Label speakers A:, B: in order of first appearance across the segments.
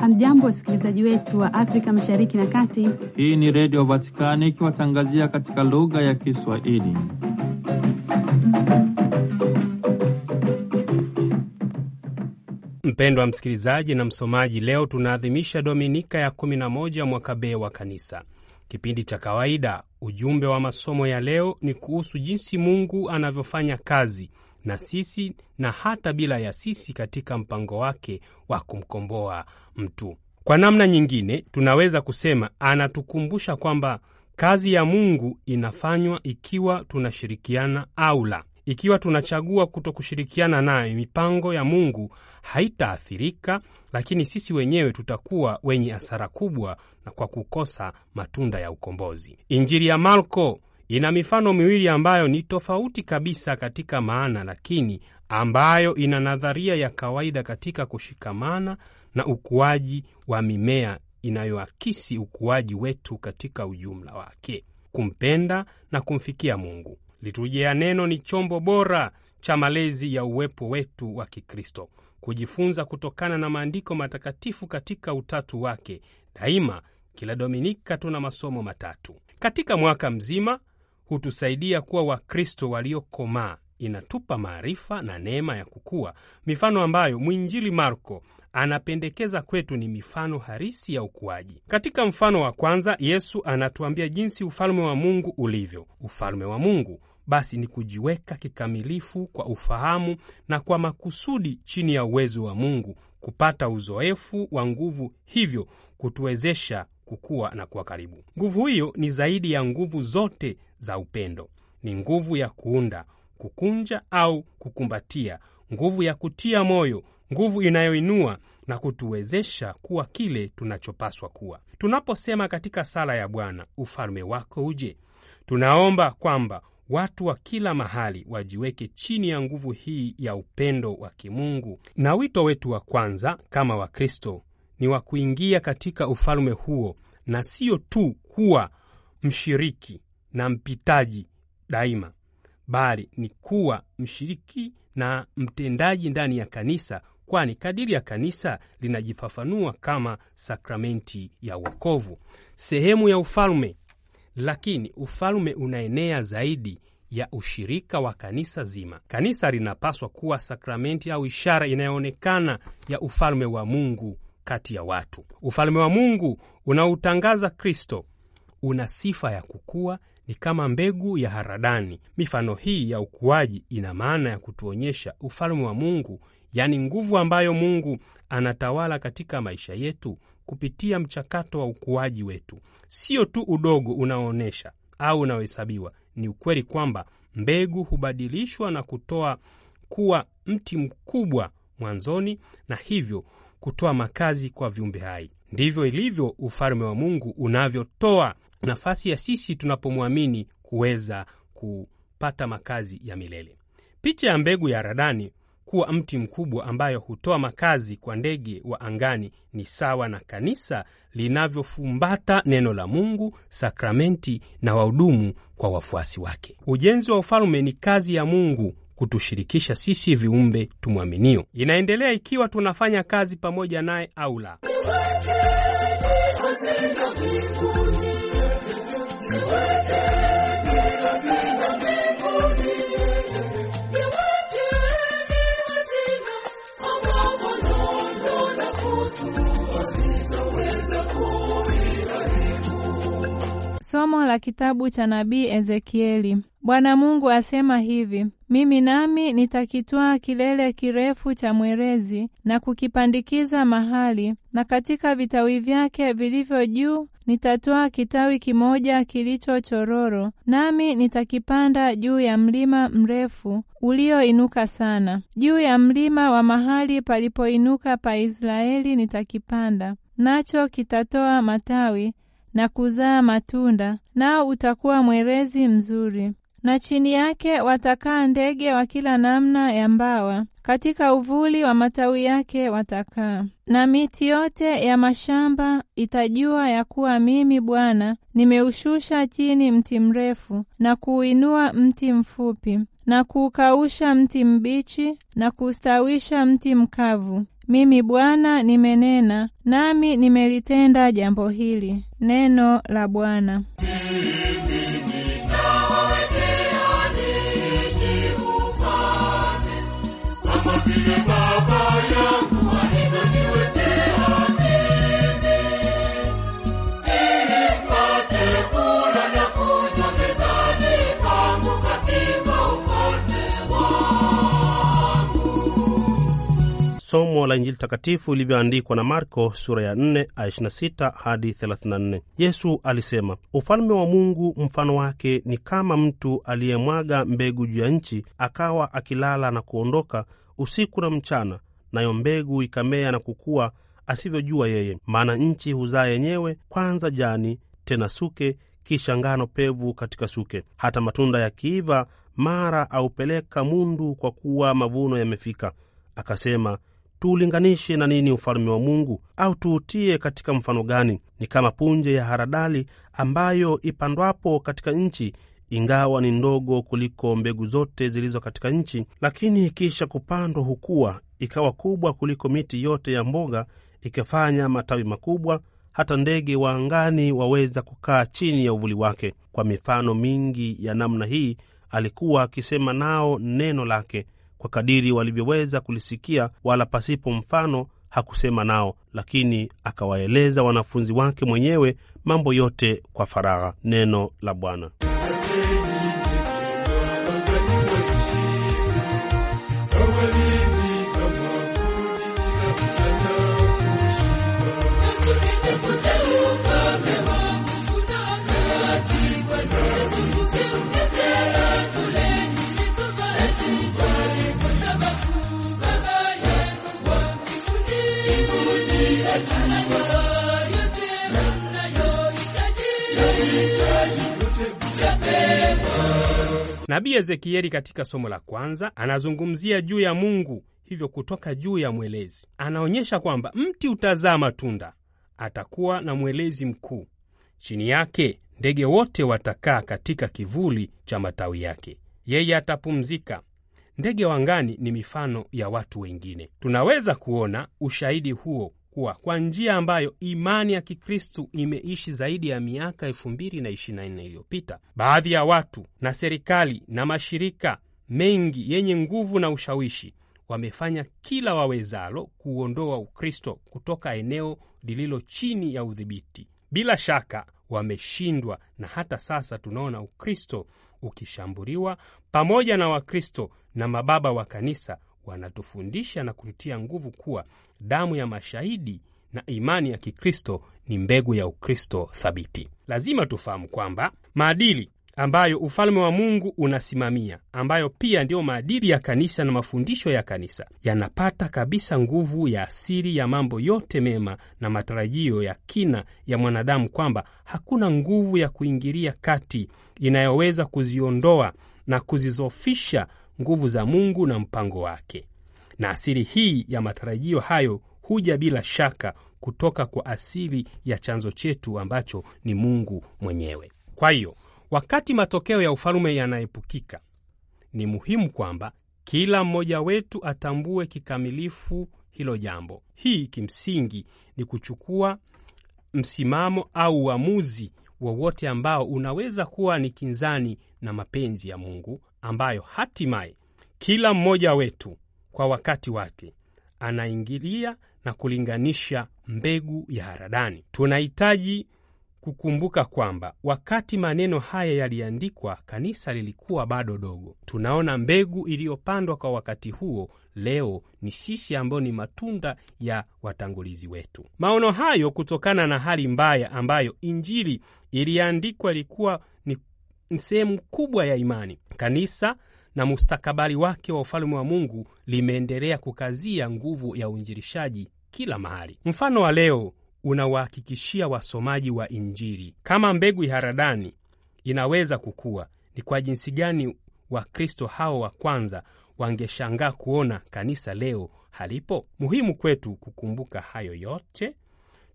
A: Hamjambo, wasikilizaji wetu wa Afrika mashariki na kati.
B: Hii ni Redio Vatikani ikiwatangazia katika lugha ya Kiswahili.
C: Mpendwa msikilizaji na msomaji, leo tunaadhimisha Dominika ya 11 mwaka B wa Kanisa. Kipindi cha kawaida, ujumbe wa masomo ya leo ni kuhusu jinsi Mungu anavyofanya kazi na sisi na hata bila ya sisi katika mpango wake wa kumkomboa mtu. Kwa namna nyingine, tunaweza kusema anatukumbusha kwamba kazi ya Mungu inafanywa ikiwa tunashirikiana au la. Ikiwa tunachagua kuto kushirikiana naye, mipango ya Mungu haitaathirika, lakini sisi wenyewe tutakuwa wenye hasara kubwa na kwa kukosa matunda ya ukombozi. Injili ya Marko ina mifano miwili ambayo ni tofauti kabisa katika maana, lakini ambayo ina nadharia ya kawaida katika kushikamana na ukuaji wa mimea inayoakisi ukuaji wetu katika ujumla wake, kumpenda na kumfikia Mungu. Liturujia ya Neno ni chombo bora cha malezi ya uwepo wetu wa Kikristo, kujifunza kutokana na maandiko matakatifu katika utatu wake. Daima kila Dominika tuna masomo matatu katika mwaka mzima hutusaidia kuwa Wakristo waliokomaa, inatupa maarifa na neema ya kukua. Mifano ambayo mwinjili Marko anapendekeza kwetu ni mifano halisi ya ukuaji. Katika mfano wa kwanza, Yesu anatuambia jinsi ufalme wa Mungu ulivyo. Ufalme wa Mungu basi ni kujiweka kikamilifu kwa ufahamu na kwa makusudi chini ya uwezo wa Mungu, kupata uzoefu wa nguvu, hivyo kutuwezesha kukua na kuwa karibu. Nguvu hiyo ni zaidi ya nguvu zote za upendo. Ni nguvu ya kuunda, kukunja au kukumbatia, nguvu ya kutia moyo, nguvu inayoinua na kutuwezesha kuwa kile tunachopaswa kuwa. Tunaposema katika sala ya Bwana, ufalme wako uje, tunaomba kwamba watu wa kila mahali wajiweke chini ya nguvu hii ya upendo wa kimungu. Na wito wetu wa kwanza kama Wakristo ni wa kuingia katika ufalme huo na siyo tu kuwa mshiriki na mpitaji daima, bali ni kuwa mshiriki na mtendaji ndani ya kanisa, kwani kadiri ya kanisa linajifafanua kama sakramenti ya wokovu, sehemu ya ufalme. Lakini ufalme unaenea zaidi ya ushirika wa kanisa zima. Kanisa linapaswa kuwa sakramenti au ishara inayoonekana ya ufalme wa Mungu kati ya watu. Ufalme wa Mungu unaoutangaza Kristo una sifa ya kukua ni kama mbegu ya haradani. Mifano hii ya ukuaji ina maana ya kutuonyesha ufalme wa Mungu, yaani nguvu ambayo Mungu anatawala katika maisha yetu kupitia mchakato wa ukuaji wetu. Sio tu udogo unaoonyesha au unaohesabiwa. Ni ukweli kwamba mbegu hubadilishwa na kutoa kuwa mti mkubwa mwanzoni, na hivyo kutoa makazi kwa viumbe hai. Ndivyo ilivyo ufalme wa Mungu unavyotoa nafasi ya sisi tunapomwamini kuweza kupata makazi ya milele. Picha ya mbegu ya haradani kuwa mti mkubwa ambayo hutoa makazi kwa ndege wa angani ni sawa na kanisa linavyofumbata neno la Mungu, sakramenti na wahudumu kwa wafuasi wake. Ujenzi wa ufalme ni kazi ya Mungu kutushirikisha sisi viumbe tumwaminio. Inaendelea ikiwa tunafanya kazi pamoja naye au la.
D: workers.
A: Somo la kitabu cha nabii Ezekieli. Bwana Mungu asema hivi: mimi nami nitakitwaa kilele kirefu cha mwerezi na kukipandikiza mahali, na katika vitawi vyake vilivyo juu nitatwaa kitawi kimoja kilicho chororo, nami nitakipanda juu ya mlima mrefu ulioinuka sana, juu ya mlima wa mahali palipoinuka pa Israeli nitakipanda nacho kitatoa matawi na kuzaa matunda, nao utakuwa mwerezi mzuri na chini yake watakaa ndege wa kila namna ya mbawa, katika uvuli wa matawi yake watakaa. Na miti yote ya mashamba itajua ya kuwa mimi Bwana nimeushusha chini mti mrefu na kuuinua mti mfupi, na kuukausha mti mbichi na kuustawisha mti mkavu, mimi Bwana nimenena, nami nimelitenda jambo hili. Neno la Bwana.
B: somo la Injili takatifu ilivyoandikwa na Marko sura ya 4:26 hadi 34. Yesu alisema, ufalme wa Mungu mfano wake ni kama mtu aliyemwaga mbegu juu ya nchi, akawa akilala na kuondoka usiku na mchana, nayo mbegu ikamea na kukua asivyojua yeye. Maana nchi huzaa yenyewe, kwanza jani, tena suke, kisha ngano pevu katika suke. Hata matunda yakiiva, mara aupeleka mundu, kwa kuwa mavuno yamefika. Akasema, tuulinganishe na nini ufalme wa Mungu, au tuutie katika mfano gani? Ni kama punje ya haradali ambayo ipandwapo katika nchi ingawa ni ndogo kuliko mbegu zote zilizo katika nchi, lakini kisha kupandwa hukua ikawa kubwa kuliko miti yote ya mboga, ikafanya matawi makubwa, hata ndege wa angani waweza kukaa chini ya uvuli wake. Kwa mifano mingi ya namna hii alikuwa akisema nao neno lake kwa kadiri walivyoweza kulisikia, wala pasipo mfano hakusema nao, lakini akawaeleza wanafunzi wake mwenyewe mambo yote kwa faragha. Neno la Bwana.
C: Nabii Ezekieli katika somo la kwanza anazungumzia juu ya Mungu, hivyo kutoka juu ya mwelezi anaonyesha kwamba mti utazaa matunda, atakuwa na mwelezi mkuu. Chini yake ndege wote watakaa katika kivuli cha matawi yake, yeye atapumzika. Ndege wangani ni mifano ya watu wengine. Tunaweza kuona ushahidi huo kuwa kwa njia ambayo imani ya Kikristu imeishi zaidi ya miaka 2024 iliyopita, baadhi ya watu na serikali na mashirika mengi yenye nguvu na ushawishi wamefanya kila wawezalo kuondoa Ukristo kutoka eneo lililo chini ya udhibiti. Bila shaka wameshindwa, na hata sasa tunaona Ukristo ukishambuliwa pamoja na Wakristo na mababa wa kanisa wanatufundisha na kututia nguvu kuwa damu ya mashahidi na imani ya Kikristo ni mbegu ya Ukristo thabiti. Lazima tufahamu kwamba maadili ambayo ufalme wa Mungu unasimamia, ambayo pia ndiyo maadili ya kanisa na mafundisho ya kanisa, yanapata kabisa nguvu ya asili ya mambo yote mema na matarajio ya kina ya mwanadamu, kwamba hakuna nguvu ya kuingilia kati inayoweza kuziondoa na kuzizofisha nguvu za Mungu na mpango wake. Na asili hii ya matarajio hayo huja bila shaka kutoka kwa asili ya chanzo chetu ambacho ni Mungu mwenyewe. Kwa hiyo, wakati matokeo ya ufalume yanaepukika, ni muhimu kwamba kila mmoja wetu atambue kikamilifu hilo jambo. Hii kimsingi ni kuchukua msimamo au uamuzi wowote ambao unaweza kuwa ni kinzani na mapenzi ya Mungu ambayo hatimaye kila mmoja wetu kwa wakati wake anaingilia na kulinganisha mbegu ya haradani. Tunahitaji kukumbuka kwamba wakati maneno haya yaliandikwa, kanisa lilikuwa bado dogo. Tunaona mbegu iliyopandwa kwa wakati huo leo ni sisi ambao ni matunda ya watangulizi wetu. Maono hayo, kutokana na hali mbaya ambayo injili iliandikwa, ilikuwa ni sehemu kubwa ya imani. Kanisa na mustakabali wake wa ufalme wa Mungu limeendelea kukazia nguvu ya uinjirishaji kila mahali. Mfano wa leo unawahakikishia wasomaji wa Injili kama mbegu iharadani inaweza kukua, ni kwa jinsi gani Wakristo hao wa kwanza wangeshangaa kuona kanisa leo halipo. Muhimu kwetu kukumbuka hayo yote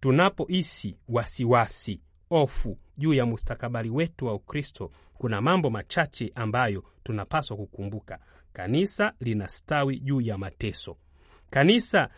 C: tunapohisi wasiwasi hofu juu ya mustakabali wetu wa Ukristo, kuna mambo machache ambayo tunapaswa kukumbuka. Kanisa linastawi juu ya mateso. Kanisa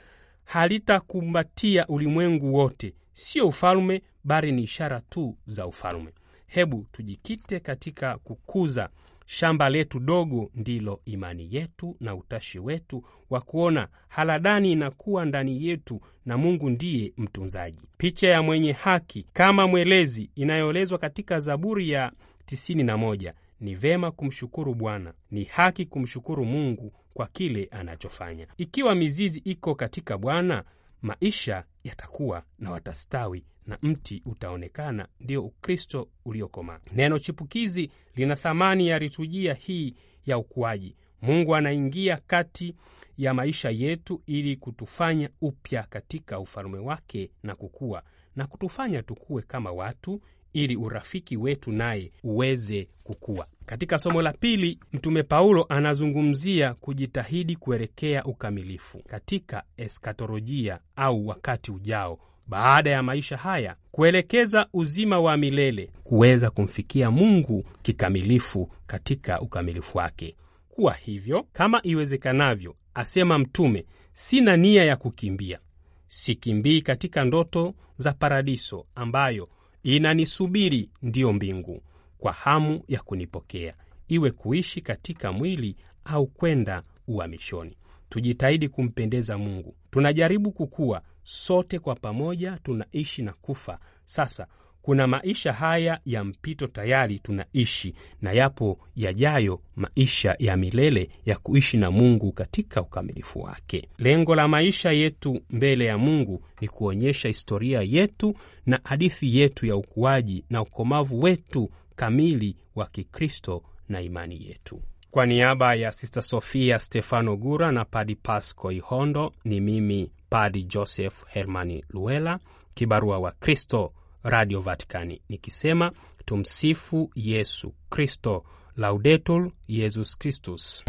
C: halitakumbatia ulimwengu wote, sio ufalme, bali ni ishara tu za ufalme. Hebu tujikite katika kukuza Shamba letu dogo ndilo imani yetu na utashi wetu wa kuona haladani inakuwa ndani yetu, na Mungu ndiye mtunzaji. Picha ya mwenye haki kama mwelezi inayoelezwa katika Zaburi ya 91 ni vema kumshukuru Bwana. Ni haki kumshukuru Mungu kwa kile anachofanya. Ikiwa mizizi iko katika Bwana, maisha yatakuwa na watastawi na mti utaonekana, ndio Ukristo uliokomaa. Neno chipukizi lina thamani ya liturujia hii ya ukuaji. Mungu anaingia kati ya maisha yetu ili kutufanya upya katika ufalme wake na kukua na kutufanya tukue kama watu ili urafiki wetu naye uweze kukua. Katika somo la pili, Mtume Paulo anazungumzia kujitahidi kuelekea ukamilifu katika eskatolojia au wakati ujao baada ya maisha haya, kuelekeza uzima wa milele, kuweza kumfikia Mungu kikamilifu katika ukamilifu wake. kuwa hivyo, kama iwezekanavyo, asema mtume, sina nia ya kukimbia, sikimbii katika ndoto za paradiso ambayo inanisubiri ndiyo mbingu kwa hamu ya kunipokea, iwe kuishi katika mwili au kwenda uhamishoni. Tujitahidi kumpendeza Mungu. Tunajaribu kukua sote kwa pamoja, tunaishi na kufa sasa kuna maisha haya ya mpito tayari tunaishi, na yapo yajayo, maisha ya milele ya kuishi na Mungu katika ukamilifu wake. Lengo la maisha yetu mbele ya Mungu ni kuonyesha historia yetu na hadithi yetu ya ukuaji na ukomavu wetu kamili wa Kikristo na imani yetu. Kwa niaba ya Sista Sofia Stefano Gura na Padi Pasco Ihondo, ni mimi Padi Joseph Hermani Luela, kibarua wa Kristo Radio Vaticani nikisema tumsifu Yesu Kristo, laudetul Yesus Kristus.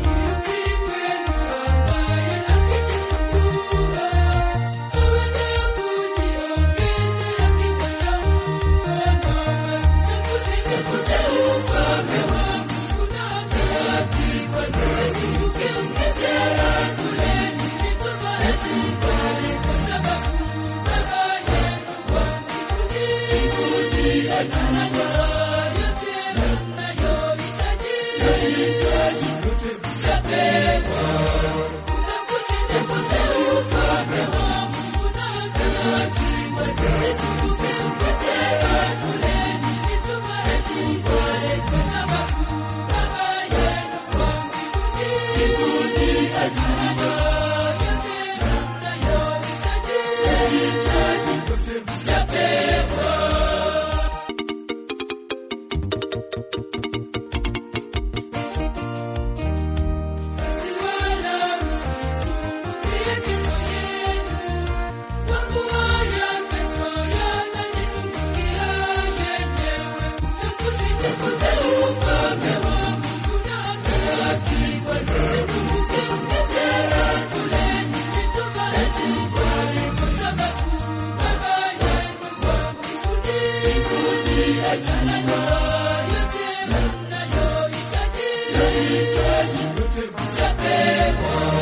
D: Eternal Deus.